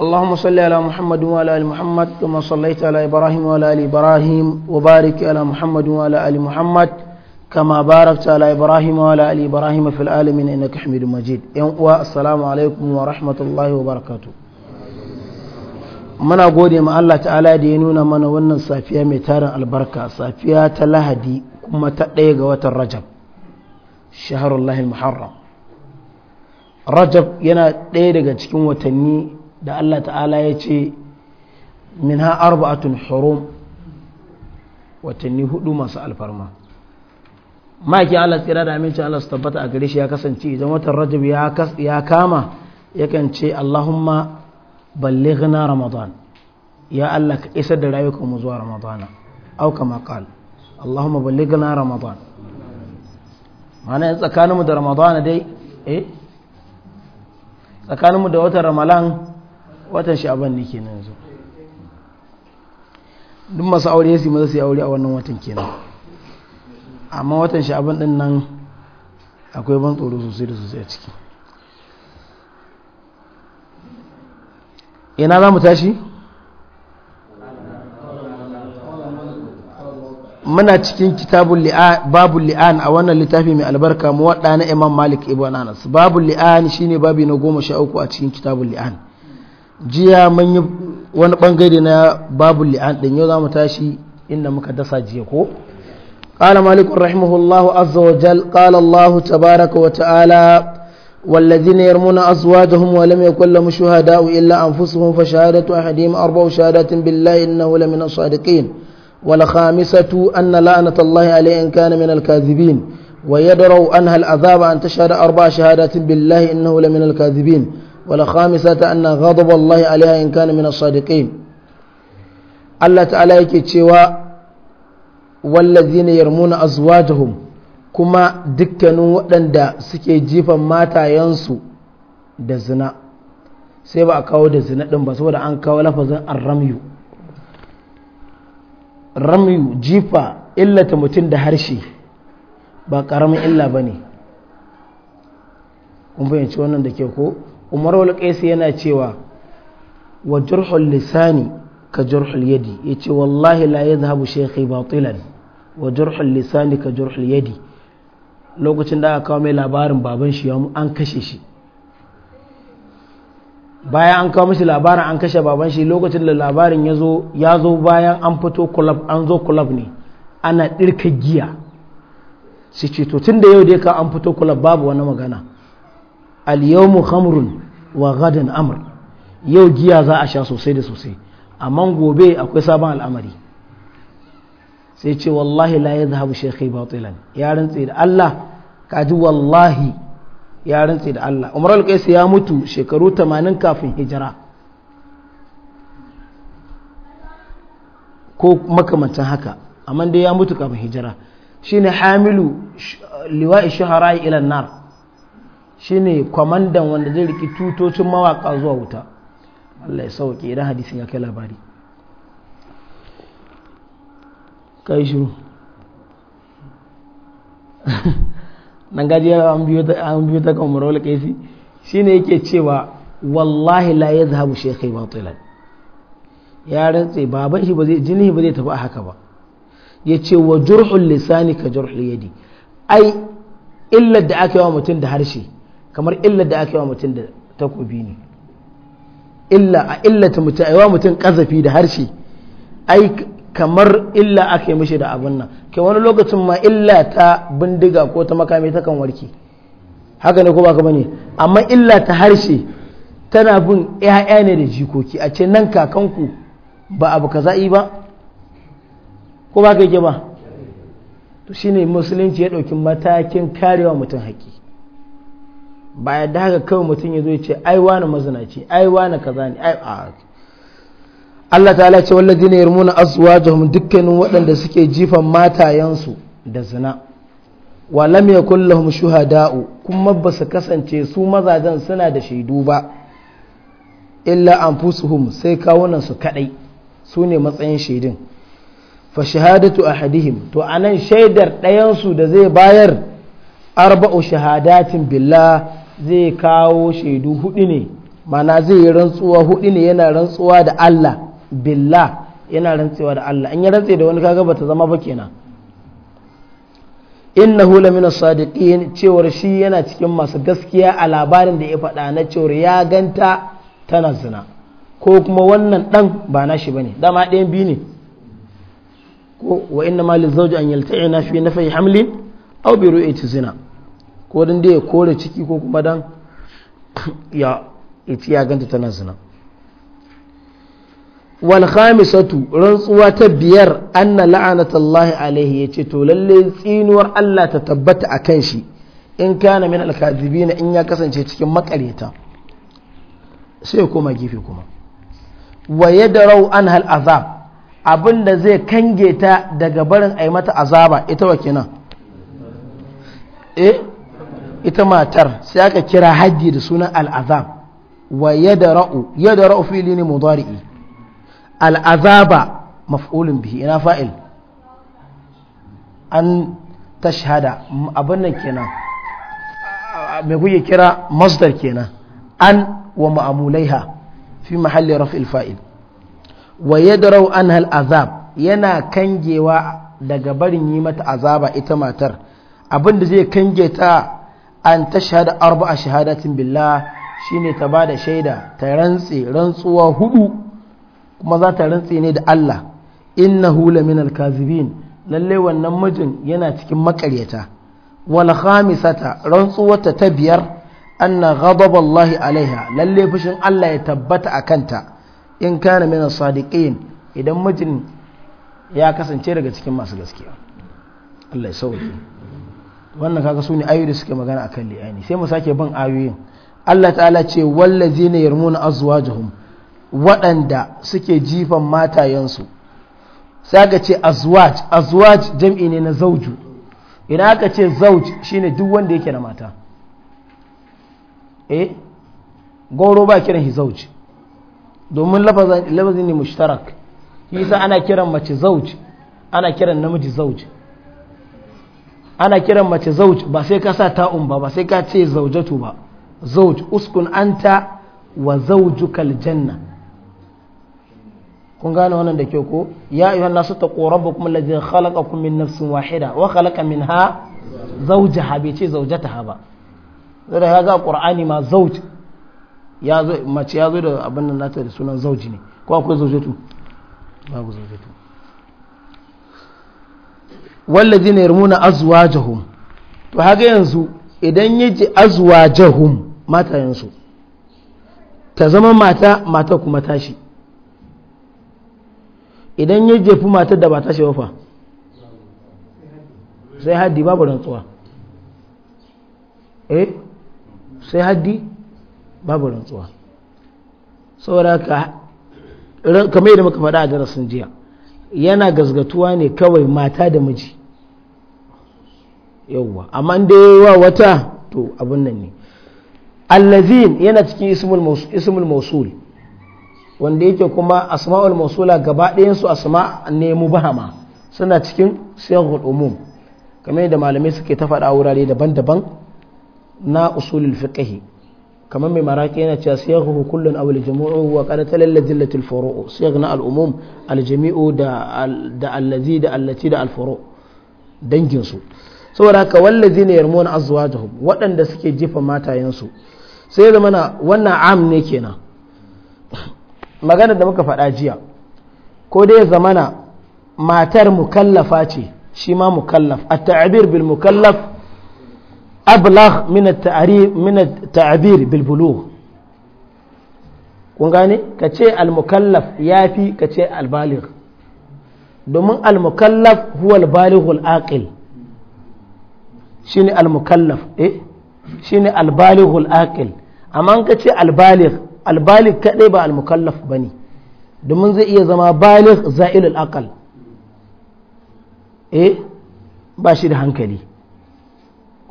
اللهم صل على محمد وعلى ال محمد كما صليت على ابراهيم وعلى ال ابراهيم وبارك على محمد وعلى ال محمد كما باركت على ابراهيم وعلى ال ابراهيم في العالمين انك حميد مجيد السلام عليكم ورحمه الله وبركاته muna gode ma Allah ta'ala da ya nuna mana wannan safiya mai tarin albarka safiya ta lahadi kuma ta ɗaya ga watan rajab shaharullahi muharram rajab yana ɗaya daga cikin watanni da Allah ta'ala ya ce min ha arba'atun hurum watanni hudu masu alfarma maki Allah tsira da amincin Allah su tabbata a gare shi ya kasance idan watan rajab ya kama yakan ce Allahumma ballighna ramadan ya Allah ka isar da rayukan mu zuwa ramadana au kama qal Allahumma ballighna ramadan ma'ana tsakaninmu da ramadana dai eh tsakaninmu da watan ramalan watan sha'aban ne kenan yanzu duk masu aure su maza su aure a wannan watan kenan amma watan sha'aban din nan akwai ban tsoro sosai da sosai a ciki ina za mu tashi muna cikin kitabun babu li'an a wannan littafi mai albarka mu waɗa na imam malik ibn anas babu li'an shine babi na goma sha uku a cikin kitabun li'an jiya mun yi wani bangare na babu li'an din yau zamu tashi inda muka dasa jiya ko قال مالك رحمه الله عز وجل قال الله تبارك وتعالى والذين يرمون أزواجهم ولم يكن لهم شهداء إلا أنفسهم فشهادة أحدهم أربع شهادات بالله إنه لمن الصادقين والخامسة أن لعنة الله عليه إن كان من الكاذبين ويدروا أنها العذاب أن تشهد أربع شهادات بالله إنه لمن الكاذبين والخامسة أن غضب الله عليها إن كان من الصادقين الله تعالى يكتشوى والذين يرمون أزواجهم كما دكنوا دا سكي جيفا ماتا ينسو دزنا سيبا أكاو دا دزنا دنبا سوى أن كاو لفظا الرمي رمي جيفا إلا تمتن دا هرشي ƙaramin illa ba ne kun fahimci wannan da ke ko umar wal qaisi yana cewa wa jurhul lisani ka jurhul yadi yace wallahi la yadhhabu shaykhi batilan wa jurhul lisani ka jurhul yadi lokacin da aka kawo mai labarin baban shi an kashe shi bayan an kawo mashi labarin an kashe baban shi lokacin da labarin ya zo ya zo bayan an fito club an zo club ne ana dirka giya su ce to tun da yau dai ka an fito club babu wani magana al-yawmu wa gadan amr yau giya za a sha sosai da sosai amma gobe akwai sabon al'amari sai ce wallahi la yadhhabu shaykhi batilan ya rantse da Allah kaji wallahi ya rantse da Allah Umar al-Qais ya mutu shekaru 80 kafin hijira ko makamantan haka amma dai ya mutu kafin hijira shine hamilu liwa'i shahara ila nar shine kwamandan wanda zai riki tutocin mawaka zuwa wuta Allah ya sauke idan hadisin ya kai labari kai shiru nan gaji an biyo ta kan murawar kaifi shine yake cewa wallahi la ya zahabu shekai ba batilan ya rantse baban shi ba zai jini ba zai tafi a haka ba ya ce wa jurhul lisani ka jurhul yadi ai illar da aka yi wa mutum da harshe kamar illar da aka yi wa mutum da takobi ne illa a illata mutum a yi wa mutum kazafi da harshe ai kamar illa aka yi mishi da abin nan ke wani lokacin ma illa ta bindiga ko ta makami ta kan warke haka ne ko ba ka bane amma illa ta harshe tana bin ‘ya'ya ne da jikoki a ce nan kakanku ba abu ka za'i ba ko ba ka yake ba to shine musulunci ya ɗauki matakin karewa mutum haƙƙi ba ya daga kawai mutum ya zo ya ce ai wani mazinaci ai wani kaza ne ai a Allah ta ce wallazi ne yarmuna azwajuhum dukkanin waɗanda suke jifan matayensu da zina wa lam yakul lahum shuhada'u kuma ba su kasance su mazajen suna da shaidu ba illa anfusuhum sai kawunan su kadai su ne matsayin shaidun fa shahadatu ahadihim to anan shaidar ɗayansu da zai bayar arba'u shahadatin billah zai kawo shaidu hudu ne mana zai rantsuwa hudu ne yana rantsuwa da Allah billah yana rantsuwa da Allah an yi rantse da wani kaga bata zama ba kenan innahu lamina sadiqin cewar shi yana cikin masu gaskiya a labarin da ya faɗa na cewar ya ganta tana zina ko kuma wannan dan ba nashi bane dama ɗayan biyu ne ko wa inna malil lizawji an yalta'ina fi nafai hamlin aw bi ru'yati zina ko don da ya kore ciki ko kuma don ya ci ya ganta tana zina wal khamisatu rantsuwa ta biyar anna Allah alaihi yace to lalle tsinuwar Allah ta tabbata akan shi in kana min alkadibin in ya kasance cikin makareta sai koma gefe kuma wa an hal azab abinda zai kange ta daga barin ayi mata azaba ita wa kenan eh ita matar sai aka kira hajji da sunan al'azab wa yadda ra'u fili ne mudari'i al'azaba maf'ulun bihi ina fa'il an tashhada abin nan kenan mai kuke kira masdar kenan an wa ma'amulaiha fi mahalli raf'il fa'il wa ra'u an al'azab yana kangewa daga barin yi mata azaba ita matar abin da zai kangeta an arba arba'a shahadatin billah ne ta ba da shaida ta rantse rantsuwa hudu kuma za ta rantse ne da Allah inna hula min kazibin lalle wannan mijin yana cikin makaryata wal khamisata rantsuwarta ta biyar anna ghadab Allah alaiha lalle fushin Allah ya tabbata akanta in kana min sadiqin idan mijin ya kasance daga cikin masu gaskiya Allah ya sauke wannan kaga su ne ayoyi da suke magana akan liyani sai mu sake bin ayoyin Allah ta'ala ce wallazina yarmuna azwajuhum waɗanda suke jifan matayensu sai aka ce azwaj azwaj jam'i ne na zauju idan aka ce zauj shine duk wanda yake da mata eh goro ba kiran shi zauj domin lafazin ne mushtarak isa ana kiran mace zauj ana kiran namiji zauj ana kiran mace zauj ba sai ka sa ta'un ba ba sai ka ce zaujatu ba zauj uskun anta wa zaujukal janna kun gane wannan da kyau ko ya ayyuhan nasu taqu rabbakum alladhi khalaqakum min nafsin wahida wa khalaqa minha ha bai ce ha ba da ya ga qur'ani ma zauj ya zo mace ya zo da abin nan nata da sunan zauji ne ko akwai zaujatu babu zaujatu wallazi ne yarmuna azwajahum to haka yanzu idan yaji azwajahum matayensu ta zama mata mata kuma tashi idan ya jefi matar da ba tashi wafa sai haddi babu rantsuwa eh sai haddi babu rantsuwa saboda ka kamar yadda muka faɗa a darasin jiya yana gazgatuwa ne kawai mata da miji yawwa amma da yawa wata to abin nan ne allazin yana cikin ismul mausul wanda yake kuma asma'ul mausula gaba ɗayansu asma ne mubahama suna cikin siyaghul umum kamar yadda malamai suke ta faɗa wurare daban-daban na usulul fiqh kamar mai maraki yana cewa siyahu kullun aw al-jumu'u wa qad talalla zillatul furu' siyag na al-umum al-jami'u da da allazi da allati da al-furu' dangin su saboda haka wallazina yarmuna azwajuhum waɗanda suke jefa matayensu sai zamana wannan am ne kenan maganar da muka faɗa jiya ko dai zamana matar mukallafa ce shi ma mukallaf at-ta'bir bil mukallaf ablagh min at-ta'rif min at kun gane ka ce al-mukallaf fi ka ce al-baligh domin al-mukallaf huwa al-baligh al-aqil shine al-mukallaf eh shine al-baligh al-aqil amma ka ce al-baligh al-baligh kadai ba al-mukallaf bane domin zai iya zama baligh za'il al-aqal eh ba shi da hankali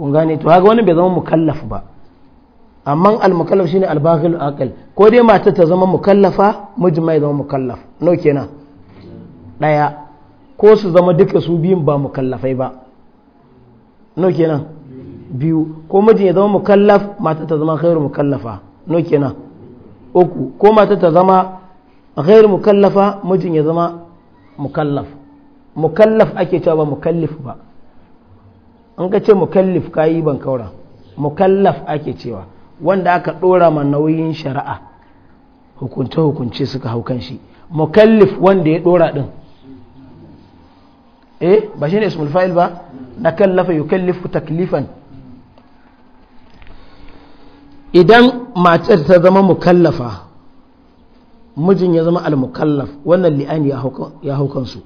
kun gane to haka wani bai zama mukallaf ba amma al-mukallaf shine al-baghil aqal ko dai mata ta zama mukallafa mujma'i zama mukallaf no kenan daya ko su zama duka su biyun ba mukallafai ba no kenan biyu ko mijin ya zama mukallaf mata ta zama khairu mukallafa no kenan uku ko mata ta zama khairu mukallafa mijin ya zama mukallaf mukallaf ake cewa ba mukallif ba an ka ce mukallif ka yi ban kaura mukallaf ake cewa wanda aka ɗora ma nauyin shari'a hukunce-hukunce suka hau kan shi mukallif wanda ya ɗora ɗin eh ba shi ne fa'il ba na kallafa yukallifu taklifan idan matar ta zama mukallafa mijin ya zama al-mukallaf wannan li'ani ya haukansu. kansu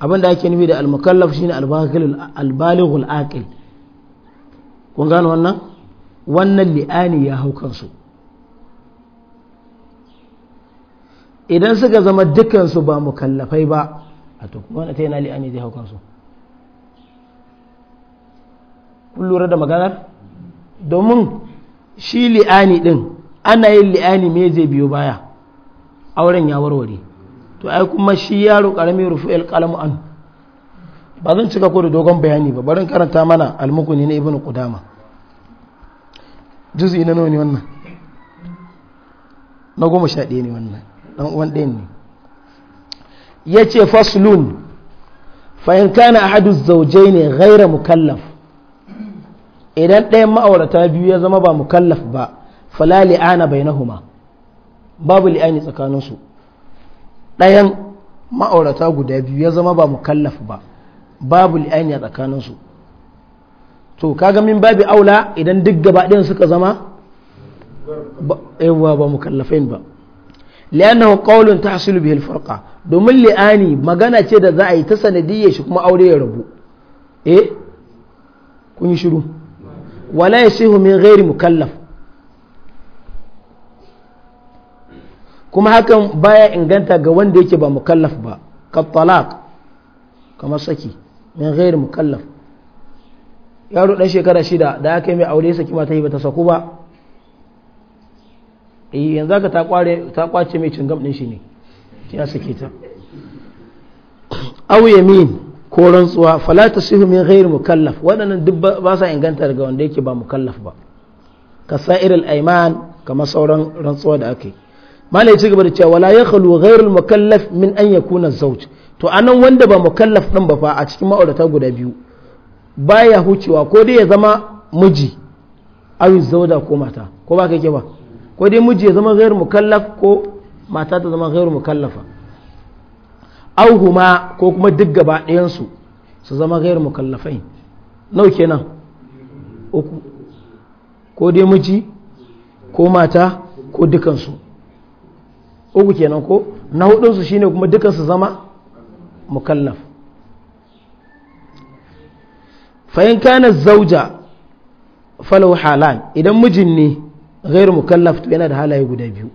abin da ake nufi da al-mukallaf shine al-balighul aqil kun gano wannan wannan li'ani ya hau kansu idan suka zama dukansu ba mukallafai ba a to kuma wanda ta yana li'ani zai hau kansu kun lura da maganar domin shi li'ani din ana yin li'ani me zai biyo baya auren ya warware to ai kuma shi yaro karami rufu alqalamu an ba zan cika ko da dogon bayani ba barin karanta mana almukuni na ibnu qudama juz'i na nawa ne wannan na goma sha ɗaya ne wannan dan uwan ɗayan ne yace faslun fa in kana ahadu zawjayn ghayra mukallaf idan ɗayan ma'aurata biyu ya zama ba mukallaf ba fala li'ana bainahuma babu li'ani tsakaninsu ɗayan ma'aurata guda biyu ya zama ba mukallaf ba babu li'ani a tsakaninsu to kaga min babu aula idan duk gaba ɗin suka zama yawwa ba mukallafain ba na qawlun ta hasilu al farka domin li'ani magana ce da za a yi ta sanadiyya shi kuma aure ya rabu eh kun yi shiru wala sihu min gairi mukallaf kuma hakan baya inganta ga wanda yake ba mukallaf ba ka talaq kamar saki min ghair mukallaf yaro dan shekara shida da aka yi mai aure saki ta yi ba ta saku ba eh yanzu ka ta kware ta kwace mai cingam din shi ne ya sake ta aw yamin ko rantsuwa fala tasihu min ghair mukallaf wadannan duk ba sa inganta ga wanda yake ba mukallaf ba ka sa'iril ayman kamar sauran rantsuwa da aka yi malai ci gaba da cewa wala ya khalu ghairul mukallaf min an yakuna zawj to anan wanda ba mukallaf din ba fa a cikin ma'aurata guda biyu baya hucewa ko dai ya zama miji awi zauda ko mata ko ba kake ba ko dai miji ya zama ghairul mukallaf ko mata ta zama ghairul mukallafa aw huma ko kuma duk gaba ɗayan su su zama ghairul mukallafain nau kenan uku ko dai miji ko mata ko dukansu uku kenan ko na hudunsu shine kuma su zama mukallaf fa'in kana zauja falau halan idan mijin ne gairu mukallaf to yana da halaye guda biyu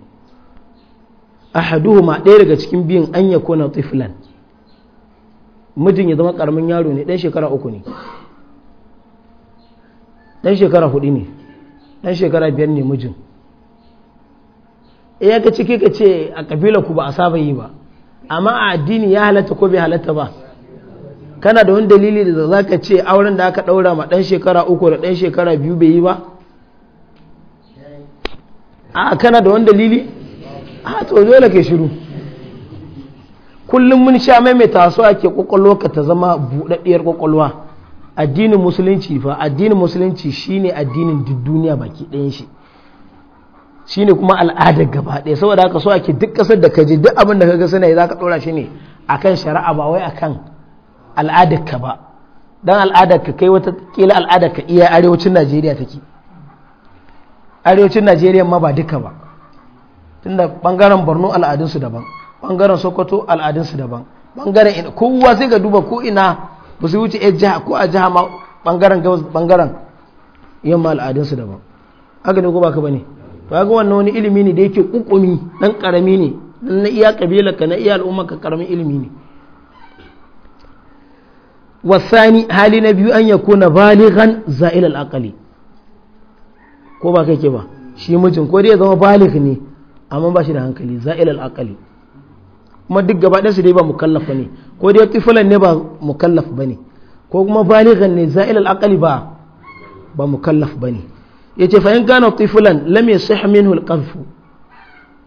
ahaduhuma ɗaya daga cikin biyun an ya kona tiflan mijin ya zama karamin yaro ne ɗan shekara uku ne ɗan shekara hudu ne ɗan shekara biyar ne mijin ya ka ciki ka ce a kabila ku ba a saba yi ba amma a addini ya halatta ko bai halatta ba kana da wani dalili da za ka ce auren da aka ɗaura ma ɗan shekara uku da ɗan shekara biyu bai yi ba a kana da wani dalili a to dole ke shiru kullum mun sha mai su ake kwakwalwa ka ta zama buɗaɗɗiyar kwakwalwa addinin musulunci fa addinin musulunci shine addinin duk duniya baki ɗayan shi Shi ne kuma al'adar gaba ɗaya saboda haka so ake duk ƙasar da ka je duk abin da ka ga suna yi ka ɗora shi ne a kan shari'a ba wai kan al'adar ka ba don al'adar ka kai wata ƙila al'adar ka iya arewacin Najeriya take arewacin Najeriya ma ba duka ba tunda ɓangaren Borno al'adunsu daban ɓangaren Sokoto al'adunsu daban ɓangaren ina kowa sai ka duba ko ina ba su wuce jiha ko a jiha ma ɓangaren gabas bangaren yamma al'adunsu daban haka ne ko ba ka bane ga wannan wani ilimi ne da yake kukumi dan karami ne dan na iya kabilarka na iya al'ummarka karamin ilimi ne wasani hali na biyu an yakuna balighan za'il al ko ba kai ke ba shi mijin ko dai ya zama baligh ne amma ba shi da hankali za'il al kuma duk gaba ɗansu dai ba mukallafa ne ko dai tifilan ne ba mukallaf ba ne ko kuma balighan ne za'il al ba ba mukallaf ba ne ya ce fahim gano tifulan lamye ya sahih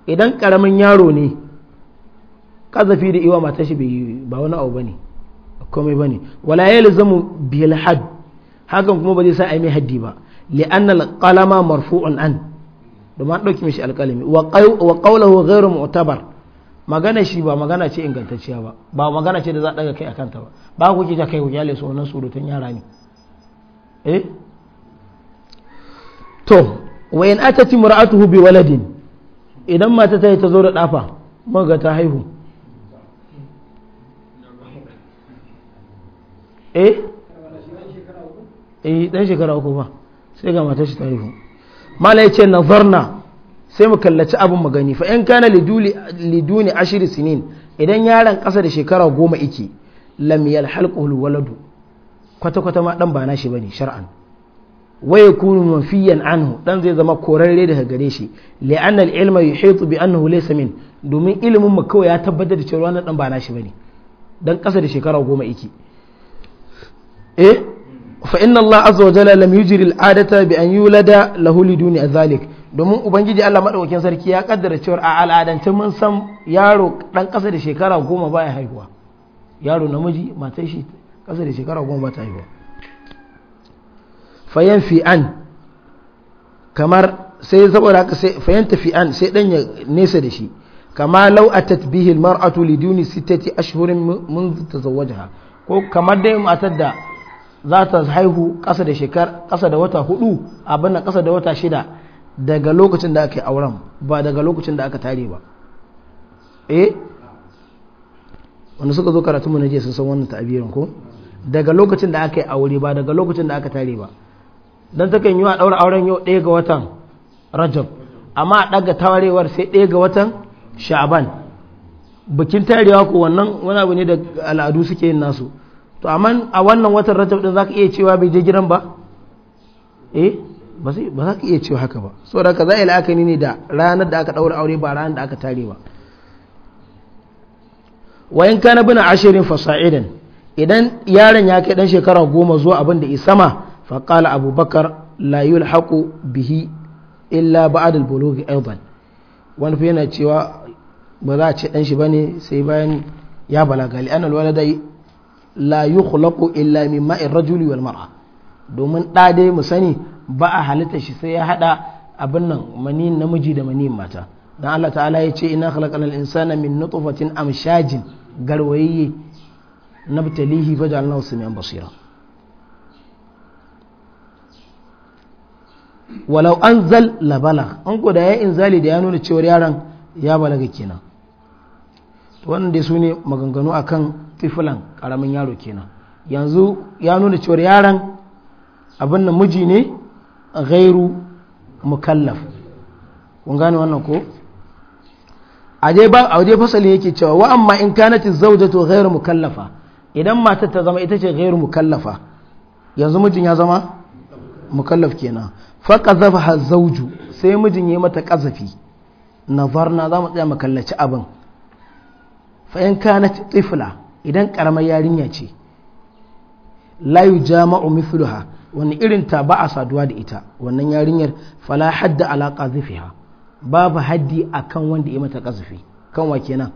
idan ƙaramin yaro ne kazafi da iwa matashi bai ba wani abu bane komai ne wala zama biyar hadd hakan kuma ba zai sa aimi haddi ba li'anna kalama marfu'un an domin an ɗauki mishi alkalami wa qawluhu ghairu mu'tabar magana shi ba magana ce ingantacciya ba ba magana ce da za a daga kai akanta ba ba ku ji ta kai ku kyale su wannan surutun yara ne eh to wa in atati mar'atuhu bi waladin idan mata ta yi ta zo da dafa maga ta haihu eh eh dan shekara uku ba sai ga mata shi ta haihu mala yace nazarna sai mu kallaci abin magani fa in kana liduli liduni ashiri sinin idan yaron kasa da shekara goma iki lam yalhalqu waladu kwata kwata ma dan ba na shi bane shar'an wa yakunu mafiyan anhu dan zai zama korarre daga gare shi li'anna al-ilma yuhitu bi annahu laysa min domin ilimin mu kawai ya tabbatar da cewa wannan dan ba nashi bane dan kasa da shekara goma yake eh fa inna Allah azza wa jalla lam yujri al-adata bi an yulada lahu liduni azalik domin ubangiji Allah madaukakin sarki ya kaddara cewa a al'adance mun san yaro dan kasa da shekara goma baya haihuwa yaro namiji matar shi kasa da shekara goma ba ta haihuwa fayan fi an kamar sai saboda haka sai fayan fi an sai dan ya nesa da shi kama lau a tatbihi mar'atu duni sittati ashhurin mun tazawwajaha ko kamar dai matar da za ta haihu kasa da shekar kasa da wata hudu abin nan kasa da wata shida daga lokacin da aka yi auren ba daga lokacin da aka tare ba eh wanda suka zo karatu mu na je sun san wannan ta'abirin ko daga lokacin da aka yi aure ba daga lokacin da aka tare ba don takan yi wa ɗaura auren yau ɗaya ga watan rajab amma a ɗaga tawarewar sai ɗaya ga watan sha'aban bikin tarewa ko wannan wani abu ne da al'adu suke yin nasu to amma a wannan watan rajab ɗin za ka iya cewa bai je gidan ba eh ba za ka iya cewa haka ba saboda ka za a yi la'akari ne da ranar da aka ɗaura aure ba ranar da aka tare ba wayan kana bina ashirin fasa'idan idan yaron ya kai dan shekara goma zuwa abin da isama فقال Abubakar بكر لا يلحق به إلا بعد البلوغ أيضا wani yana cewa ba za a ce ɗan shi ba ne sai bayan ya balaga li annal walada la yukhlaqu illa min ma'in rajuli wal mar'a domin ɗa dai mu sani ba a halitta shi sai ya haɗa abin nan manin namiji da manin mata dan Allah ta'ala ya ce inna khalaqal insana min nutfatin amshajin garwayyi nabtalihi fajalnahu samian basira walau an zal labala an ko da ya inzali da ya nuna cewar yaron ya balaga kenan wannan dai su ne maganganu akan tifilan karamin yaro kenan yanzu ya nuna cewar yaron abin nan miji ne gairu mukallaf kun gane wannan ko a dai fasali yake cewa wa amma in kanat zawjatu ghairu mukallafa idan matar ta zama ita ce ghairu mukallafa yanzu mijin ya zama mukallaf kenan fa zawju sai mijin yayi mata qazafi nazarna za mu tsaya mu kallaci abin fa in kanat tifla idan karamar yarinya ce la yujama'u mithluha wani irin ta ba a saduwa da ita wannan yarinyar fala hadda ala qazifiha babu haddi akan wanda yayi mata qazafi kan wa kenan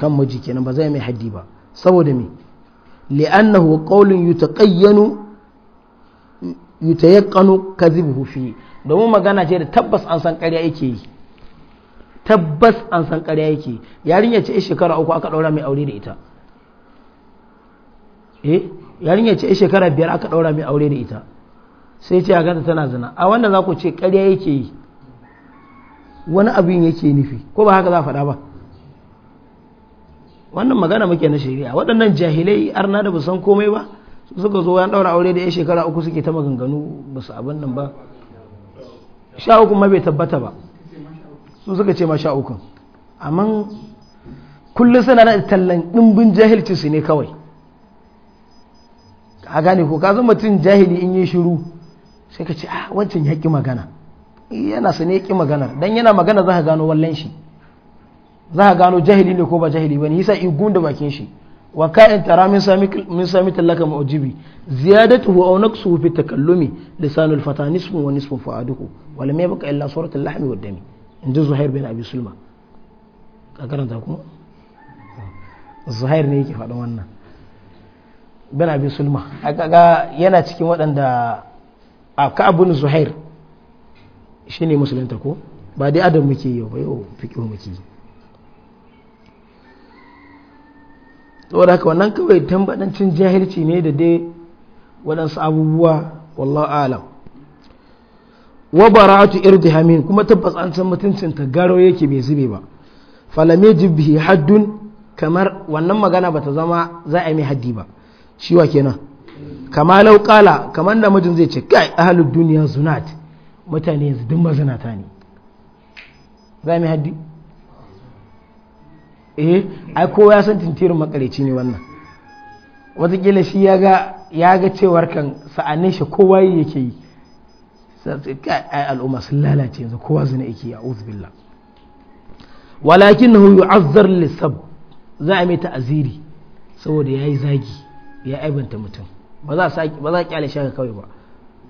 kan miji kenan ba zai mai haddi ba saboda me li'annahu qawlun yutaqayyanu yutayaqqanu kadhibuhu fi domin magana ce da tabbas an san ƙarya yake yi tabbas an san ƙarya yake yarinya ce shekara uku aka ɗaura mai aure da ita eh yarinya ce shekara biyar aka ɗaura mai aure da ita sai ce ganta tana zina a wannan za ku ce ƙarya yake yi wani abin yake nufi ko ba haka za faɗa ba wannan magana muke na shari'a waɗannan jahilai arna da ba san komai ba Su suka zo ya daura aure da ya shekara uku suke ta maganganu ba su abin nan ba sha uku ma bai tabbata ba su suka ce ma sha uku amma kullum suna na tallan ɗimbin jahilci su ne kawai a gane ko ka zama mutum jahili in yi shiru sai ka ce ah wancan ya ƙi magana yana su ne ƙi maganar dan yana magana za ka gano wallan shi za ka gano jahili ne ko ba jahili ba ne sa igun da bakin shi wa ka'in tara min sami min sami tallaka mu'jibi ziyadatuhu aw naqsuhu fi takallumi lisanul fata nisfu wa nisfu fu'aduhu wa lam baka illa suratul lahmi wad dami inda zuhair bin abi sulma ka karanta kuma zuhair ne yake faɗin wannan bin abi sulma kaga yana cikin waɗanda a ka'abun zuhair shine musulunta ko ba dai adam muke yau ba yau fiqhu muke yi saboda haka wannan kawai tambadancin jahilci ne da dai waɗansu abubuwa wallahu alam wa bara'atu irdihamin kuma tabbas an san mutuncin ta garo yake bai zube ba falam yajib bihi haddun kamar wannan magana bata zama za a yi mai haddi ba shi kenan kama lau kamar da mijin zai ce kai ahlud duniya zunat mutane yanzu duk zunata ne za a yi mai haddi eh ai kowa ya san tintirin makareci ne wannan wataƙila shi ya ga ya cewar kan sa'anin shi kowa yake yi ai al'umma sun lalace yanzu kowa zina yake a uzbillah walakin azar lisab za a mai aziri saboda ya yi zagi ya aibanta mutum ba za a kyale shaka kawai ba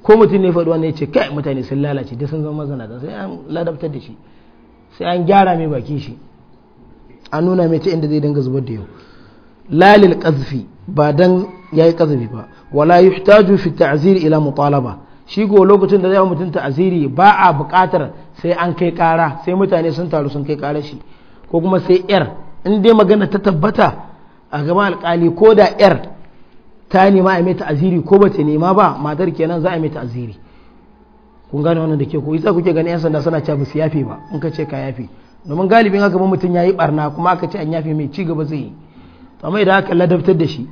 ko mutum ne faɗi ne ya ce kai mutane sun lalace da sun zama mazana sai an ladabtar da shi sai an gyara mai bakin shi an nuna mai ta inda zai dinga zubar da yau lalil kazfi ba dan yayi kazfi ba wala yuhtaju fi ta'ziri ila mutalaba shi go lokacin da zai wa mutum ta'ziri ba a buƙatar sai an kai kara sai mutane sun taru sun kai ƙara shi ko kuma sai yar in dai magana ta tabbata a gaban alƙali ko da yar ta nema a mai ta'ziri ko ba ta nema ba matar kenan za a mai ta'ziri kun gane wannan da ke ku isa kuke ganin yan sanda suna cabu ba su yafe ba in ka ce ka yafe domin galibin haka ba mutum ya yi barna kuma aka ce an yafi mai ci gaba zai yi to amma idan aka ladabtar da shi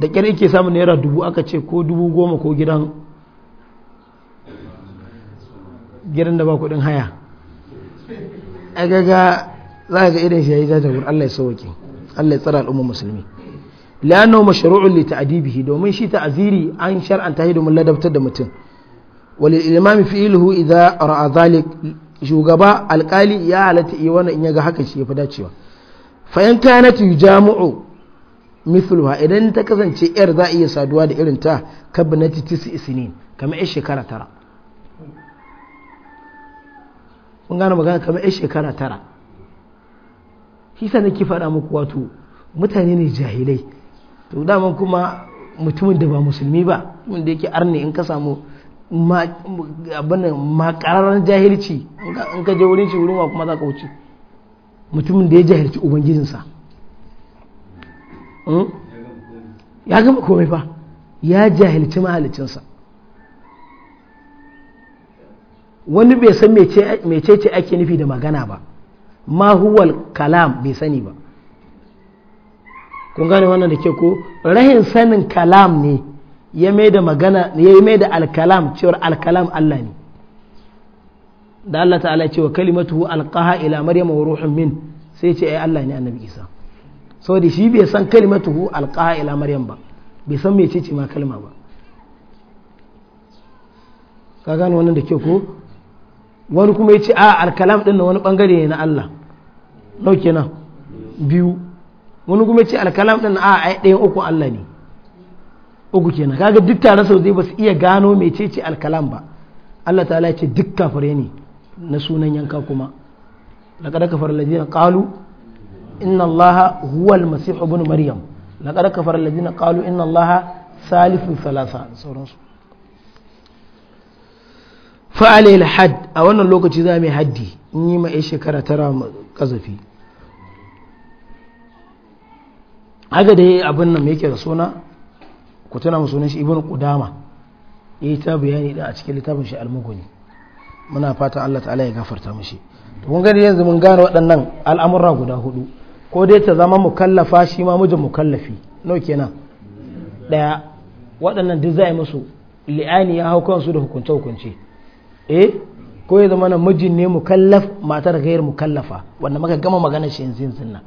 da kyar yake samun naira dubu aka ce ko dubu goma ko gidan gidan da ba kudin haya a gaga za a ga idan shi ya yi jajawar allah ya sauke allah ya tsara al'ummar musulmi lano mashru'un li domin shi ta'ziri an shar'anta shi domin ladabtar da mutum walil imami ilhu idza ra'a zalik shugaba alkali ya halatta iya wannan in ya ga haka shi ya fi dacewa fayan kanatu jamu'u mithluha idan ta kasance yar za a iya saduwa da irin ta kabinati tisi isinin kamar yar shekara tara kun gane magana kamar yar shekara tara shi sa nake faɗa muku wato mutane ne jahilai to daman kuma mutumin da ba musulmi ba wanda yake arni in ka samu abinan makararren jahilci in ka je wurin shi wurin wa kuma za ka wuce mutumin da ya jahilci ubangijinsa hmm? ya gama komai fa ya jahilci mahalicinsa wani bai san mecece ake nufi da magana ba mahuwal kalam bai sani ba kun gane wannan da ke ko rahin sanin kalam ne ya mai da magana ya mai da alkalam cewar alkalam Allah ne da Allah ta'ala cewa kalimatu alqaha ila maryam wa ruhun min sai ce ai Allah ne annabi Isa saboda shi bai san kalimatu alqaha ila maryam ba bai san mai ce ma kalma ba ka gano wannan da ke ko wani kuma ya ce a alkalam din na wani bangare ne na Allah nau kenan biyu wani kuma ya ce alkalam din a ɗayan uku Allah ne uku kenan kaga duk tare sau zai ba iya gano mecece alkalam ba Allah ta'ala ya ce duk kafare ne na sunan yanka kuma laqad kafar alladhina qalu inna allaha huwa almasih ibn maryam laqad kafar alladhina qalu inna allaha salisu salasa sauransu fa'alil had a wannan lokaci za mu yi haddi in yi ma'a shekara tara kazafi haka da yi abin nan yake da suna ku tana mu sunan shi ibn qudama yayi eh, ta bayani da a cikin littafin shi al muguni muna fatan Allah ta'ala ya gafarta mishi to kun gani yanzu mun gane waɗannan al'amura guda hudu ko dai ta zama mukallafa shi ma mijin mukallafi no kenan daya waɗannan duk za a musu li'ani ya hau kansu da hukunce hukunce eh ko ya zama mijin ne mukallaf matar gayar mukallafa wanda maka gama magana shi yanzu yanzu nan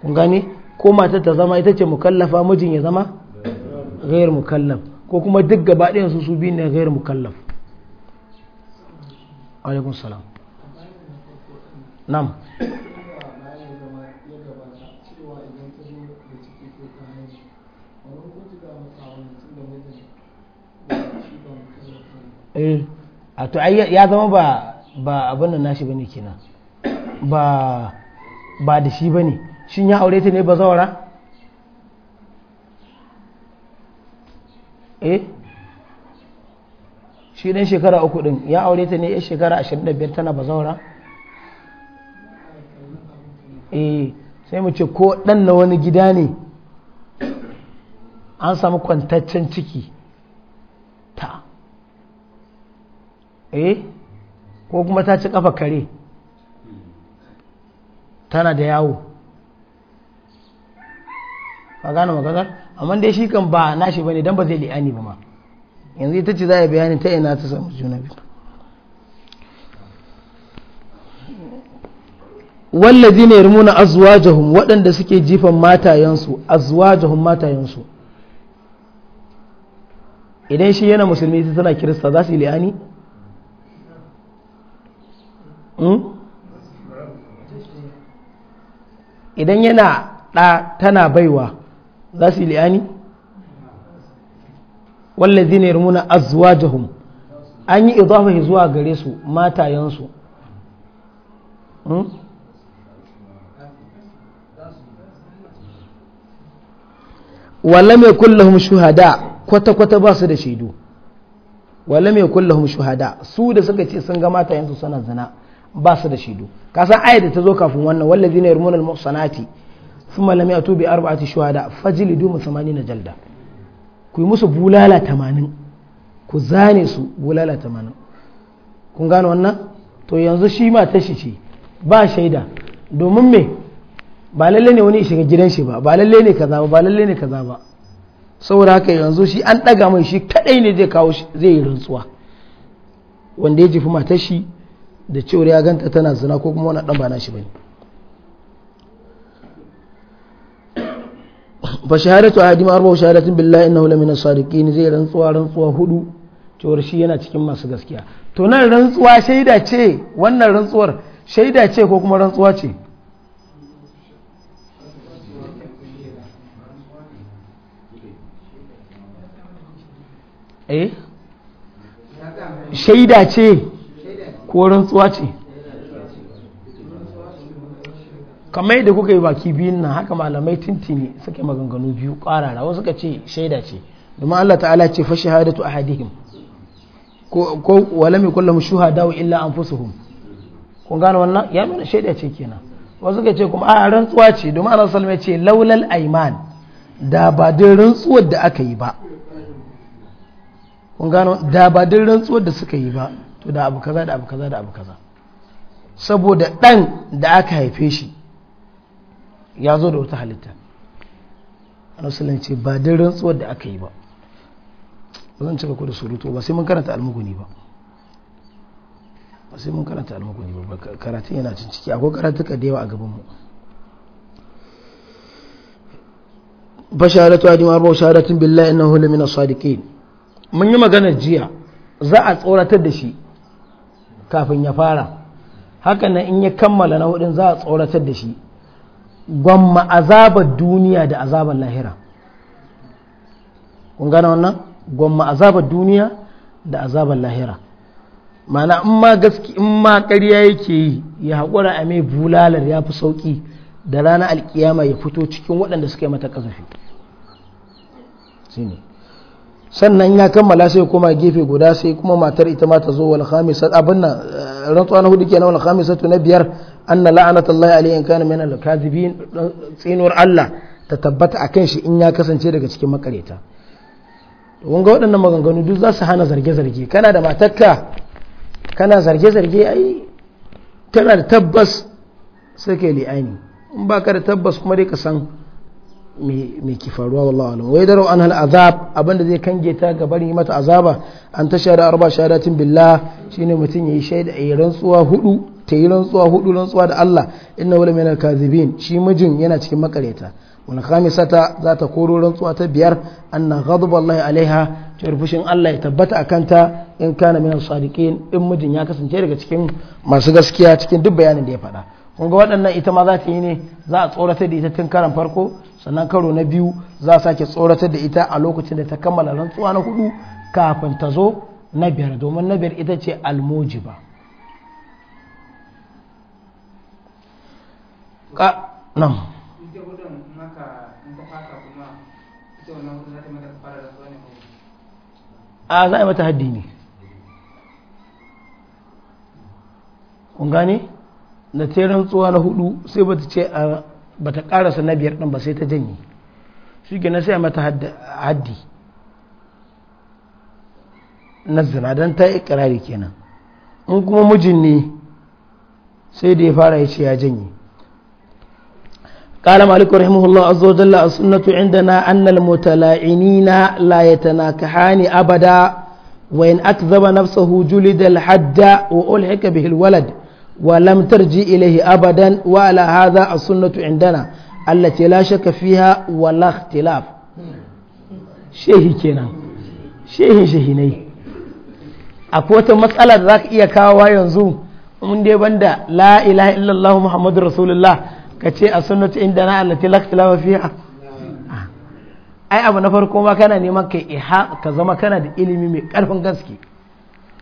kun gani ko mata ta zama ita ce mukallafa mijin ya zama غير مكلف kuma duk gaba ɗayan su su biyu ne a to ya zama ba ba abin da nashi bane kenan ba ba da shi bane shin ya aure ta ne ba eh shi dan shekara uku din ya aure ta ne ya shekara 25 tana bazaura eh sai mu ce ko dan na wani gida ne an samu kwantaccen ciki ta eh ko kuma ta ci kafa kare tana da yawo ka gane maganar amma dai shi kan ba nashi bane dan ba zai li'ani ba ma yanzu ita ce za a bayani ta ina ta samu juna biyu wallazi ne yarmuna azwajahum waɗanda suke jifan matayensu azwajahum matayensu idan shi yana musulmi sai tana kirista za su yi li'ani hmm? idan yana ɗa tana baiwa za su yi li'ani wallazi ne rumuna azwajahum an yi idafahi zuwa gare su matayensu hmm? wala mai kullahum shuhada kwata-kwata ba su da shaidu wala mai kullahum shuhada su da suka ce sun ga matayensu suna zina ba su da shaidu kasan ayyada da ta zo kafin wannan wallazi ne rumunal muhsanati a ثم لم يأتوا بأربعة شهداء فجلدوهم ثمانين جلدة ku yi musu bulala tamanin ku zane su bulala tamanin kun gano wannan to yanzu shi matar shi ce ba shaida domin me ba lalle ne wani shiga gidan shi ba ba lalle ne kaza ba ba lalle ne kaza ba saboda haka yanzu shi an ɗaga mai shi kaɗai ne zai kawo zai yi rantsuwa wanda ya jefi matar shi da cewar ya ganta tana zina ko kuma wani ɗan ba na shi bane fa shahadatu ahadima arba shahadatin billahi innahu lamina sadiqin zai rantsuwa rantsuwa hudu cewar shi yana cikin masu gaskiya to nan rantsuwa shaida ce wannan rantsuwar shaida ce ko kuma rantsuwa ce eh shaida ce ko rantsuwa ce kamar yadda kuka yi baki biyun nan haka malamai tintini suke maganganu biyu ƙwarara wasu suka ce shaida ce domin Allah ta'ala ce fa shahadatu ahadihim ko ko wala mi kullu shuhada wa illa anfusuhum kun gane wannan ya nuna shaida ce kenan wasu suka ce kuma a rantsuwa ce domin Allah sallama ce laulal aiman da ba din rantsuwar da aka yi ba kun gano da ba din rantsuwar da suka yi ba to da abu kaza da abu kaza da abu kaza saboda dan da aka haife shi ya zo da wata halitta rasulun ce ba da rantsuwar da aka yi ba ba zan cika ku da surutu ba sai mun karanta almuguni ba ba sai mun karanta almuguni ba karatun yana cin ciki akwai karatuka da yawa a gabanmu bashadatu adima arba shahadatun billahi innahu lamina sadiqin mun yi magana jiya za a tsoratar da shi kafin ya fara hakan nan in ya kammala na hudun za a tsoratar da shi gwamma azabar duniya da azabar lahira kun gane wannan gwamma azabar duniya da azabar lahira mana in ma gaski in ma ƙarya yake yi ya haƙura a mai bulalar ya fi sauƙi da ranar alƙiyama ya fito cikin waɗanda suka yi mata ƙazafi sannan ya kammala sai kuma gefe guda sai kuma matar ita ma ta zo wal khamisat abin nan eh, rantsuwa na hudu kenan wal khamisatu na biyar anna la'anatullahi alayhi in kana min al kadhibin tsinuwar Allah ta tabbata akan shi in ya kasance daga cikin makareta kun ga waɗannan maganganu duk za su hana zarge zarge kana da matarka kana zarge zarge ai kana da tabbas sai kai li'ani in baka da tabbas kuma dai ka san Mai ke faruwa wallahu alam wai daro an hal azab abinda zai kange ta ga bari mata azaba an ta shahada arba shahadatin billah ne mutum ya yi shaida yayi rantsuwa hudu ta yi rantsuwa hudu rantsuwa da Allah inna wala minal kadhibin shi mijin yana cikin makareta wal khamisata za ta koro rantsuwa ta biyar anna ghadaballahi alaiha cewar fushin Allah ya tabbata akan ta in kana minal sadiqin in mijin ya kasance daga cikin masu gaskiya cikin duk bayanin da ya faɗa kun ga waɗannan ita ma za ta yi ne za a tsorata da ita tun karan farko sannan karo na biyu za a sake tsoratar da ita a lokacin da ta kammala rantsuwa na hudu kafin ta zo na biyar domin na biyar ita ce almujiba ka nan a za a yi mata haddi ne kun gane na teran tsuwa na hudu sai ba ta ce a ba ta karasa na biyar ɗin ba sai ta janye shi na sai mata haddi na zina don ta yi ikirari kenan in kuma mijin ne sai da ya fara ya ce ya janye قال مالك رحمه الله عز وجل السنة عندنا أن المتلاعنين لا يتناكحان أبدا وإن أكذب نفسه جلد الحد وألحق به الولد ولم ترجع إليه أبدا وعلى هذا السنة عندنا التي لا شك فيها ولا اختلاف shehi kenan shehin matsalar za ka iya kawowa yanzu mun dai banda la ilaha illallah muhammadu rasulullah ka ce a sunnatu inda na allati la fiha ai abu na farko ma kana neman kai iha ka zama kana da ilimi mai karfin gaske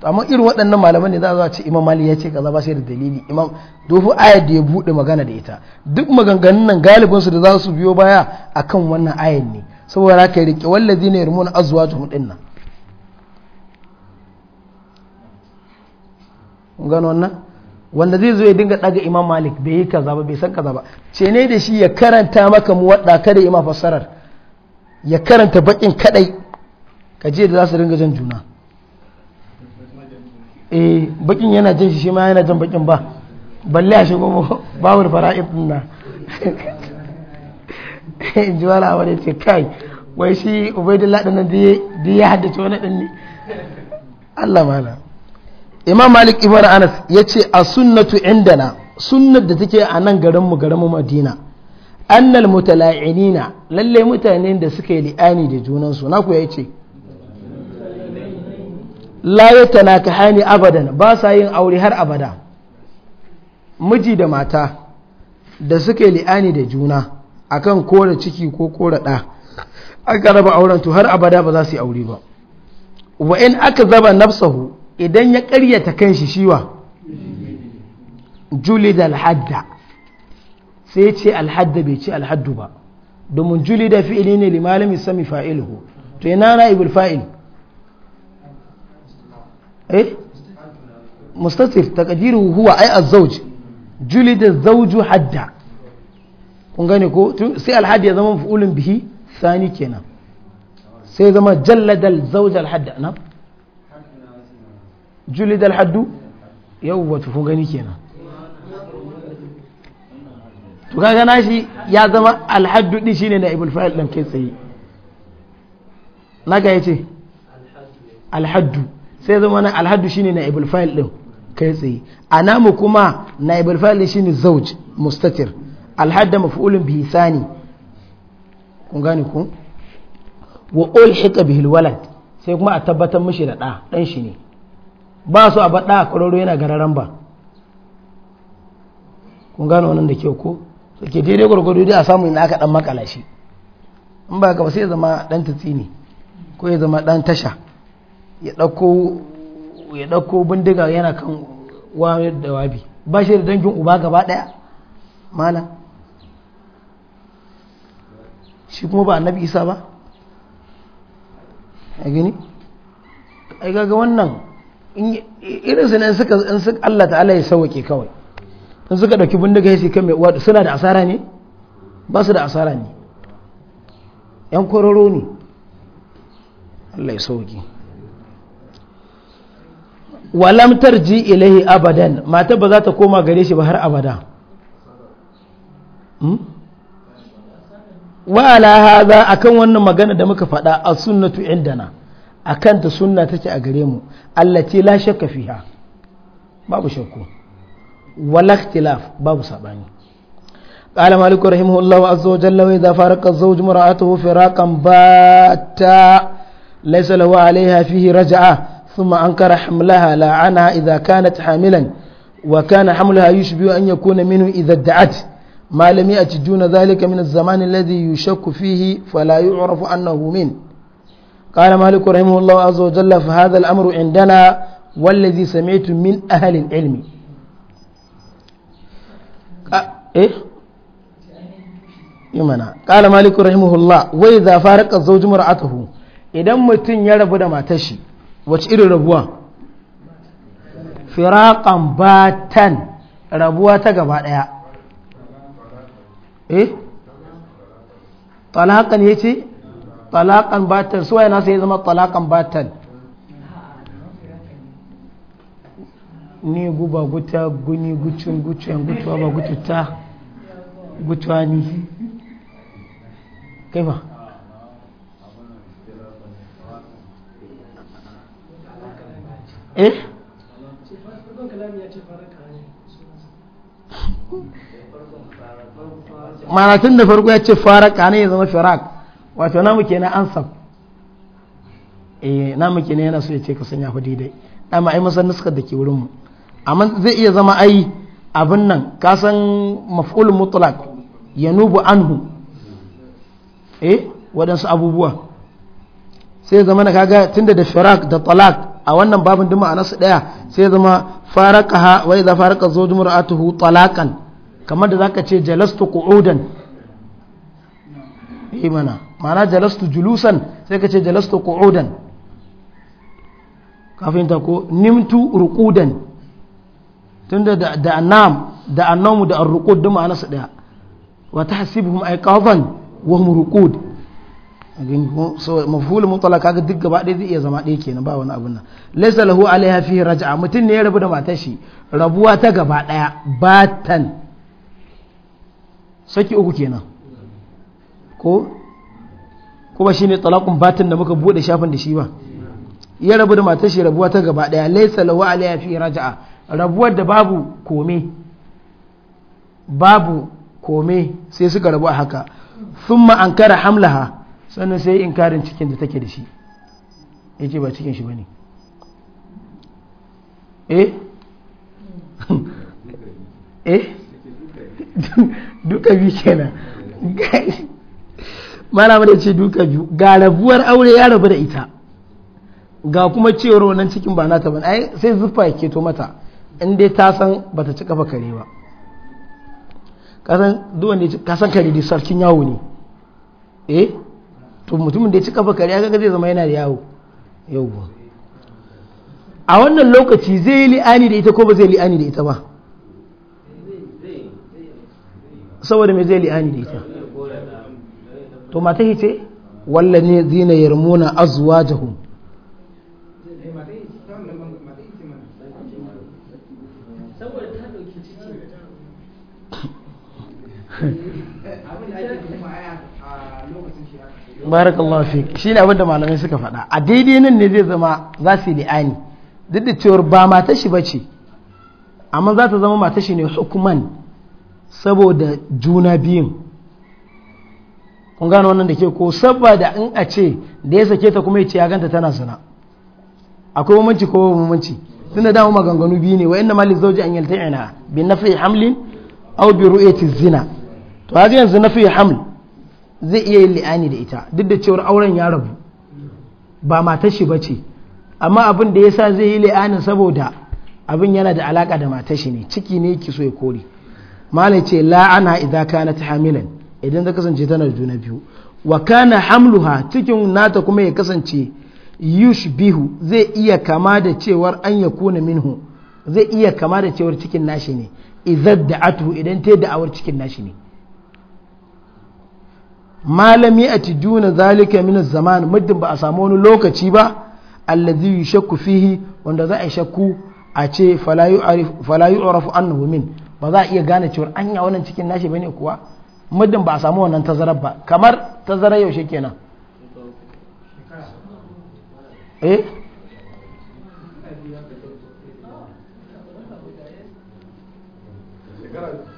to amma irin waɗannan malaman ne za a ce imam mali ya ce kaza ba shi da dalili imam dofu ayar da ya buɗe magana da ita duk maganganun nan galibin su da za su biyo baya akan wannan ayar ne saboda haka ya rike wallazi ne yarmuna azwajuhum dinnan kun gano wannan wanda zai zo ya dinga daga imam malik bai yi kaza ba bai san kaza ba ce ne da shi ya karanta maka mu wadda kada imam fassarar ya karanta bakin kadai kaje da za su dinga jan juna eh bakin yana jan shi ma yana jan bakin ba balle a shigo babul fara'id din na in ji wala wani ce kai wai shi ubaidullah din nan da ya haddace wani din ne Allah mala Imam Malik ibn Anas yace a sunnatu indana sunnat da take a nan garin mu garin Madina annal mutala'inina lalle mutanen da suka yi li'ani da junansu na ku yace la hani abadan ba sa yin aure har abada miji da mata da suke li'ani da juna akan kore ciki ko kore ɗa aka raba auren to har abada ba za su yi aure ba wa in aka zaba nafsahu idan ya karyata kanshi shiwa julid alhadda sai ce alhadda bai ce alhaddu ba domin julida fi'ili ne limalin sami fa'iluhu to yana na ibul fa'il eh mustatir taqdiru huwa ai az-zawj julida zawju hadda kun ko sai al ya zama maf'ulun sani kenan sai zama jallada al-zawj hadda na julida al-haddu yawwa to kun kenan to kaga nashi ya zama alhadu haddu din shine na ibul fa'il din kai tsaye naga yace al-haddu sai zama na alhaddu shine na ibul fa'il din kai tsaye anamu kuma na ibul fa'il din shine zauj mustatir alhadda maf'ulun bihi sani kun gane ku wa ulhiqa bihi alwalad sai kuma a tabbatar mishi da da dan shi ne ba su a bada kwararo yana gararan ba kun gane wannan da kyau ko sake daidai gwargwado dai a samu ina aka dan makala shi in ba ka ba sai zama dan tatsi ne ko ya zama dan tasha ya ɗauko bindiga yana kan wani da wabi ba shi da dangin uba gaba ɗaya mana shi kuma ba annabi isa ba a gini a gaga wannan irin su ne in suka Allah ta'ala ya sauwake kawai in suka ɗauki bindiga ya kan mai uwa suna da asara ne ba su da asara ne 'yan kororo ne Allah ya sauwake walamtar ji ilaihi abadan mata ba za ta koma gare shi ba har abada hmm? wa ala hadha akan wannan magana da muka faɗa a sunnatu indana akan ta sunna take a gare mu allati la shakka fiha babu shakku wala ikhtilaf babu sabani قال مالك رحمه الله عز وجل وإذا فارق الزوج مرأته فراقا باتا ليس له عليها فيه رجعة ثم أنكر حملها لا عنها إذا كانت حاملا وكان حملها يشبه أن يكون منه إذا ادعت ما لم يأتي دون ذلك من الزمان الذي يشك فيه فلا يعرف أنه منه قال مالك رحمه الله عز وجل فهذا الأمر عندنا والذي سمعت من أهل العلم إيه يمنا قال مالك رحمه الله وإذا فارق الزوج مرأته إذا متن يربو دما تشي wace irin rabuwa firaƙan batan rabuwa ta gaba daya eh talakan ya ce talakan batan suwa yana sai ya zama talakan batan ni guba guta guni gucin gucin gutuwa ba gututa gutuwa ni kai ba eh mana tun da farko ya ce faraka ne ya zama firak wato namu an sab eh namu kenan yana so ya ce ka sanya hudu dai dama ai masan nuska da ke wurin mu amma zai iya zama ai abin nan ka san maf'ul mutlaq yanubu anhu eh waɗansu abubuwa sai zama na kaga tunda da firak da talak a wannan babin duk ma'anarsu ɗaya sai zama faraka ha wai za faraka zo jumar tuhu talakan kamar da zaka ce jalastu qu'udan imana eh ma'ana jalastu julusan sai ka ce jalastu qu'udan kafin ta ko nimtu rukudan tunda da da annam da annamu da arruqud duk ma'anarsu ɗaya wa tahsibuhum ayqadan wa mu ruqud mafhul mutlaq kaga duk gaba ɗaya zai iya zama ɗaya kenan ba wani abin nan laisa lahu alaiha fi raj'a mutum ne ya rabu da matar shi rabuwa ta gaba ɗaya batan saki uku kenan ko kuma shine talaqun batan da muka bude shafin da shi ba ya rabu da matar shi rabuwa ta gaba ɗaya laisa lahu alaiha fi raj'a rabuwar da babu kome babu kome sai suka rabu a haka thumma ankara hamlaha sannan sai in karin cikin da take da shi ya ce ba cikin shi ba ne eh eh duka biyu kenan malama da ce duka biyu ga rabuwar aure ya rabu da ita ga kuma cewar wannan cikin ba nata ba ai sai zuffa ke to mata in dai ta san ba ta ci kafa kare ba kasan duwan da kasan kare da sarkin yawo ne eh to mutumin da ya ci kafa kare ya zai zama yana da yawo yau a wannan lokaci zai yi li'ani da ita ko ba zai li'ani da ita ba saboda mai zai li'ani da ita to mata hice walla ne zina yarmuna azwajahum Thank you. Allah fi shi ne abinda malamai suka faɗa a daidai nan ne zai zama za su yi li'ani duk da cewar ba mata shi ba ce amma za ta zama mata shi ne hukuman saboda juna biyun kun gano wannan da ke ko saboda in a ce da ya sake ta kuma ya ce ya ganta tana sana akwai mamanci ko mamanci tunda da maganganu biyu ne wa inna malin zauji an yalta'ina bi nafi hamlin au bi ru'yati zina to haka yanzu nafi hamlin. zai iya yin li'ani da ita duk da cewar auren ya rabu ba matar ba ce amma abin da ya sa zai yi li'anin saboda abin yana da alaka da matar shi ne ciki ne ki so ya kore malai ce la'ana idan na ta hamilan idan ta kasance tana da juna biyu wa kana hamluha cikin nata kuma ya kasance yush yushbihu zai iya kama da cewar an ya kuna minhu zai iya kama da cewar cikin nashi ne idan da'atu idan ta da'awar cikin nashi ne malami a tijuna zalika min zaman muddin ba a samu wani lokaci ba allazi yushakku fihi wanda za a shakku a ce fala yu'rafu annahu min ba za a iya gane cewa anya wannan cikin nashi bane kuwa muddin ba a samu wannan tazarar ba kamar tazarar yaushe kenan eh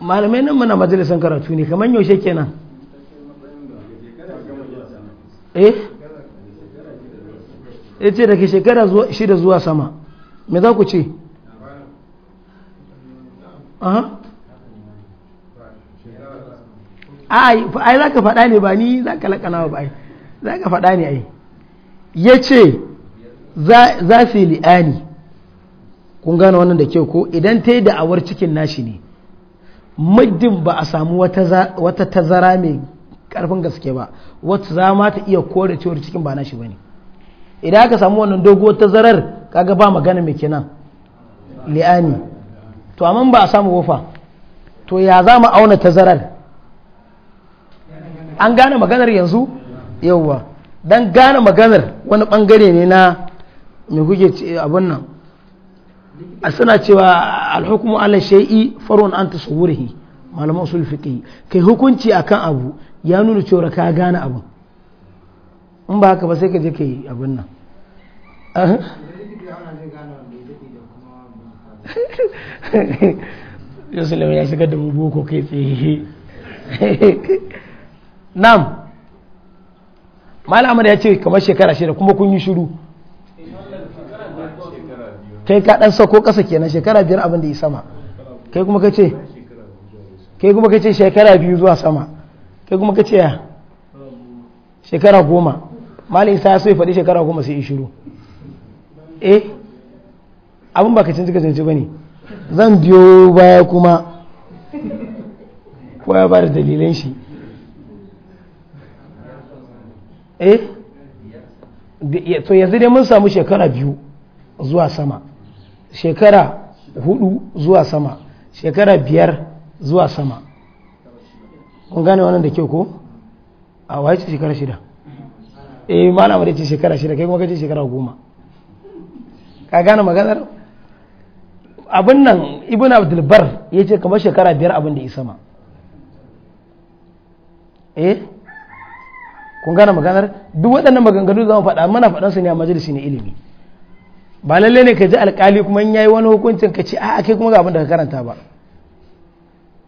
malamai nan muna majalisar karatu ne kamar yaushe kenan eh ya ce daga shekara shida zuwa sama me za ku ce ai za ka faɗa ne ba ni za ka laƙana ba ai za ka faɗa ne ai ya ce za su yi li'ani kun gane wannan da kyau ko idan ta yi da'awar cikin nashi ne muddin ba a samu wata tazara mai karfin gaske ba watu za ma ta iya kore cewar cikin ba shi bane idan aka samu wannan dogo ta zarar kaga ba magana mai kenan li'ani to amma ba a samu wufa to ya za mu auna ta zarar an gane maganar yanzu yauwa dan gane maganar wani bangare ne na mai kuke abin nan a suna cewa alhukumu ala shai'i farun an tasawurihi malaman sulfiqi kai hukunci akan abu ya nuna cewar ka gane abin in ba haka ba sai ka je ka yi abin nan yusuf ya shiga da boko kai tsaye nam malamar ya ce kamar shekara shida kuma kun yi shiru kai ka ɗan sako ƙasa kenan shekara biyar abin da ya sama kai kuma kai kuma ka ce shekara biyu zuwa sama kai kuma ka ce ya shekara goma mali isa so ya faɗi shekara goma sai shiru eh abin ba ka cin cika ba ne zan biyo baya kuma kowa ba da dalilan shi eh to yanzu dai mun samu shekara biyu zuwa sama shekara hudu zuwa sama shekara biyar zuwa sama kun gane wannan da kyau ko a waye ce shekara shida eh malama da ce shekara shida kai kuma ce shekara goma ka gane maganar abin nan ibn abdulbar ya ce kamar shekara biyar abin da isa ma eh kun gane maganar duk waɗannan maganganu zama faɗa mana faɗan su ne a majalisi ne ilimi ba lalle ne ka ji alƙali kuma in yayi wani hukuncin ka ce a kai kuma ga abin da ka karanta ba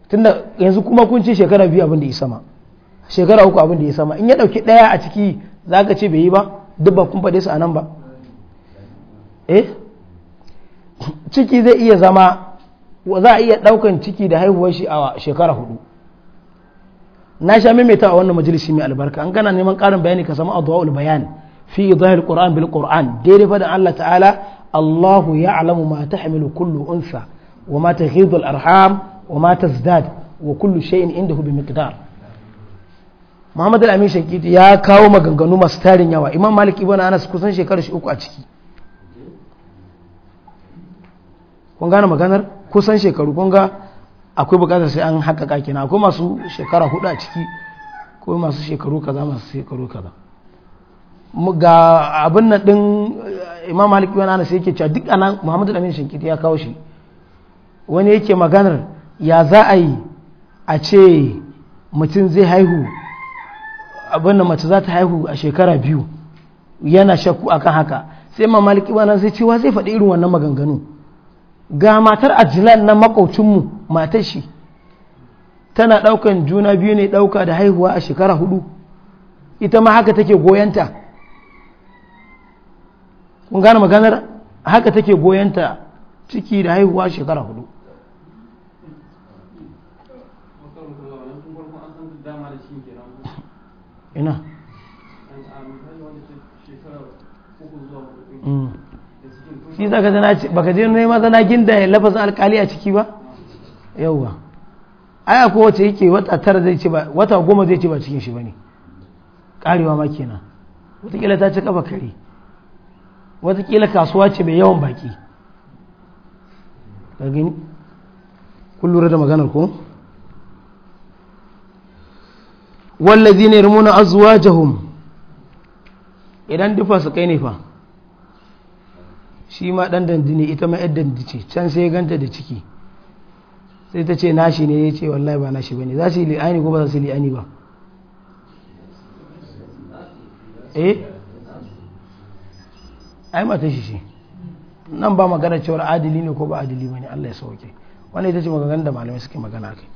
tunda yanzu kuma kun ce shekara biyu abin da ya sama shekara uku abin da ya sama in ya dauki daya a ciki za ka ce bai yi ba duk ba kun faɗe su a nan ba eh ciki zai iya zama za a iya daukan ciki da haihuwar shi a shekara hudu na sha maimaita a wannan majalisi mai albarka an gana neman karin bayani ka samu adwaul bayan fi idahil qur'an bil qur'an daidai faɗin Allah ta'ala Allahu ya'lamu ma tahmilu kullu unsa wa ma tahidul arham wa تزداد وكل wa عنده بمقدار محمد الامين miqdar Muhammad كاو مغنغنو مستارين ya kawo maganganu masu tarin yawa شيكار شي اوكو ا kusan كون غانا uku a ciki kun maganar kusan shekaru ga akwai bukatar sai an haƙaƙa kenan akwai masu shekara hudu a ciki ko masu shekaru kaza masu shekaru kaza ga abin nan din Imam Malik ibn Anas yake cewa duk anan Muhammad amin ya kawo shi wani yake maganar ya za a yi a ce mutum zai haihu abinda mace za ta haihu a shekara biyu yana shakku akan haka sai mamaliki wannan sai cewa zai faɗi irin wannan maganganu ga matar ajilan na makaucinmu matar shi tana ɗaukan juna biyu ne ɗauka da haihuwa a shekara hudu ita ma haka take goyanta kun maganar haka take goyanta ciki da haihuwa a shekara hudu ina mm. shi za ka zana baka je nema zana ginda lafazin alkali a ciki ba yauwa aya ko wace yake wata tara zai ce ba wata goma zai ce ba cikin shi bane karewa ma kenan watakila ta ci kafa kare watakila kasuwa ce mai yawan baki ka gani kun lura da maganar ko wallazi ne rumuna jahun idan dufa su kai nifa fa shi ma ɗan dandi ne ita ma yar dandi ce can sai ganta da ciki sai ta ce nashi ne ya ce wallahi ba nashi ba ne za su yi li'ani ko ba za su yi li'ani ba eh ai mata shi shi nan ba magana cewar adili ne ko ba adili ne Allah ya sauke wannan ita ce magana da malamai suke magana kai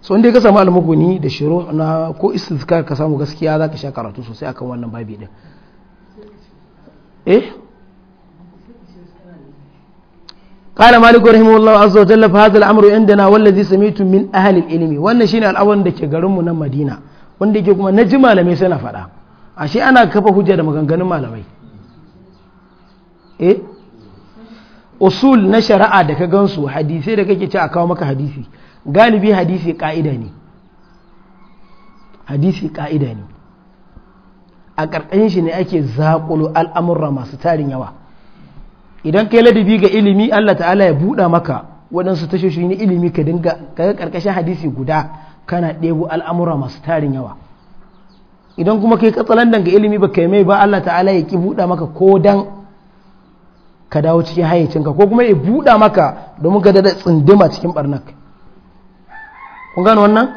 so inda ka samu almuhuni da shiro na ko istizkar ka samu gaskiya za ka sha karatu sosai akan wannan babi din eh قال مالك رحمه الله عز وجل فهذا الامر عندنا والذي سمعت من اهل العلم wannan shine al'awan da ke garin mu na Madina wanda yake kuma naji malamai na fada ashe ana kafa hujja da maganganun malamai eh usul na shari'a da ka gansu hadisi da kake ci a kawo maka hadisi galibi hadisi ka'ida ne hadisi ka'ida ne a ƙarƙashin shi ne ake zaƙulu al'amurra masu tarin yawa idan kai ladabi ga ilimi Allah ta'ala ya buɗa maka waɗansu tashoshi ne ilimi ka dinga kaga ƙarƙashin hadisi guda kana ɗebo al'amurra masu tarin yawa idan kuma kai katsalandan ga ilimi ba kai mai ba Allah ta'ala ya ƙi buɗa maka ko dan ka dawo cikin hayyacinka ko kuma ya buɗa maka domin ka da tsindima cikin ɓarnaka. kun gano wannan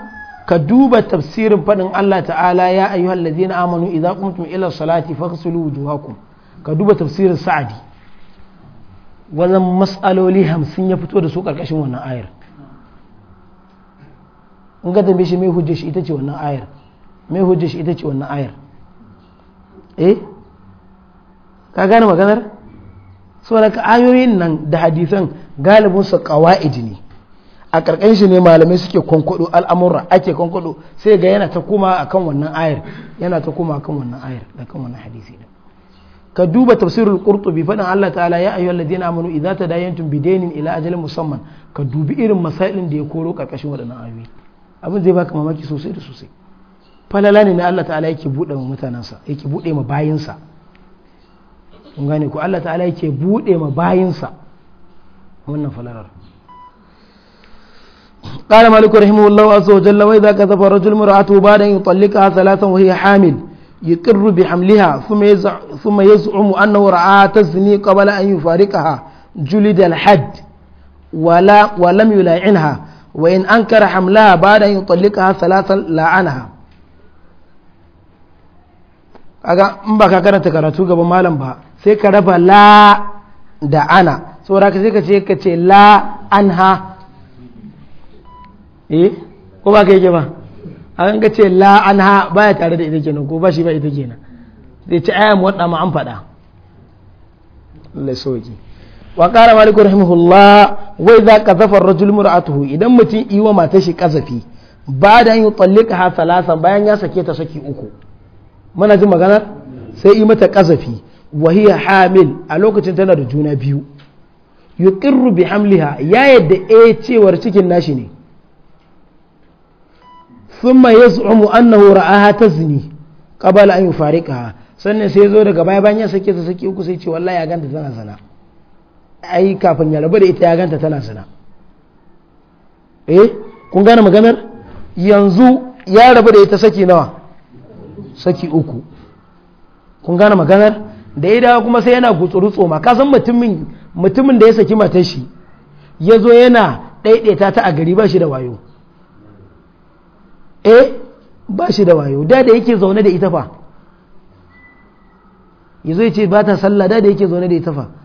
ka duba tafsirin faɗin Allah ta'ala ya ayyuhal ladina amanu idza qumtum ila salati faghsilu wujuhakum ka duba tafsirin sa'adi wannan mas'aloli hamsin ya fito da su karkashin wannan ayar in ga tambaye shi mai hujjar shi ita ce wannan ayar mai hujjar shi ita ce wannan ayar eh ka gane maganar saboda ka ayoyin nan da hadisan galibin su qawaid ne a ƙarƙashin shi ne malamai suke kwankwado al'amura ake kwankwado sai ga yana ta kuma a kan wannan ayar yana ta kuma a kan wannan ayar da kan wannan hadisi da ka duba tafsirul qurtubi faɗin Allah ta'ala ya ayyuhal ladina amanu idza tadayantum bidainin ila ajalin musamman ka dubi irin masailin da ya koro ƙarƙashin waɗannan ayoyi abin zai baka mamaki sosai da sosai falala ne na Allah ta'ala yake buɗe ma mutanansa yake buɗe ma bayinsa kun gane ko Allah ta'ala yake buɗe ma bayinsa wannan falalar قال مالك رحمه الله عز وجل وإذا كذب الرجل مرأته بعد أن يطلقها ثلاثا وهي حامل يقر بحملها ثم يزعم, ثم يزعم أنه رعاها تزني قبل أن يفارقها جلد الحد ولا ولم يلاعنها وإن أنكر حملها بعد أن يطلقها ثلاثا لعنها aga in ba ka karanta karatu gaban malam ba sai ka raba la da ana saboda ka sai ka ce ka ce la anha eh ko ba ka yake ba an ga ce la an ha baya tare da ita kenan ko ba shi ba ita kenan zai ci ayyam wadda ma an faɗa Allah soji. wa qala maliku rahimahullah wa idza qadhafa ar-rajul mar'atuhu idan mutum iwa mata shi kazafi ba da yin tallika ha bayan ya sake ta saki uku muna ji magana sai yi mata kazafi wa hiya hamil a lokacin tana da juna biyu yuqirru bi hamliha ya yadda eh cewar cikin nashi ne thumma yaz'umu annahu ra'aha tazni qabla an yufariqaha sannan sai zo daga baya bayan ya sake ta saki uku sai ce wallahi ya ganta tana zina ai kafin ya rabu da ita ya ganta tana zina eh kun gane maganar yanzu ya rabu da ita saki nawa saki uku kun gane maganar da ya dawo kuma sai yana gutsuru tsoma ka san mutumin mutumin da ya saki matar shi ya zo yana ɗaiɗaita ta a gari ba shi da wayo eh ba shi da wayo da da yake zaune da ita fa yazo ya ce ba ta sallah da da yake zaune da ita fa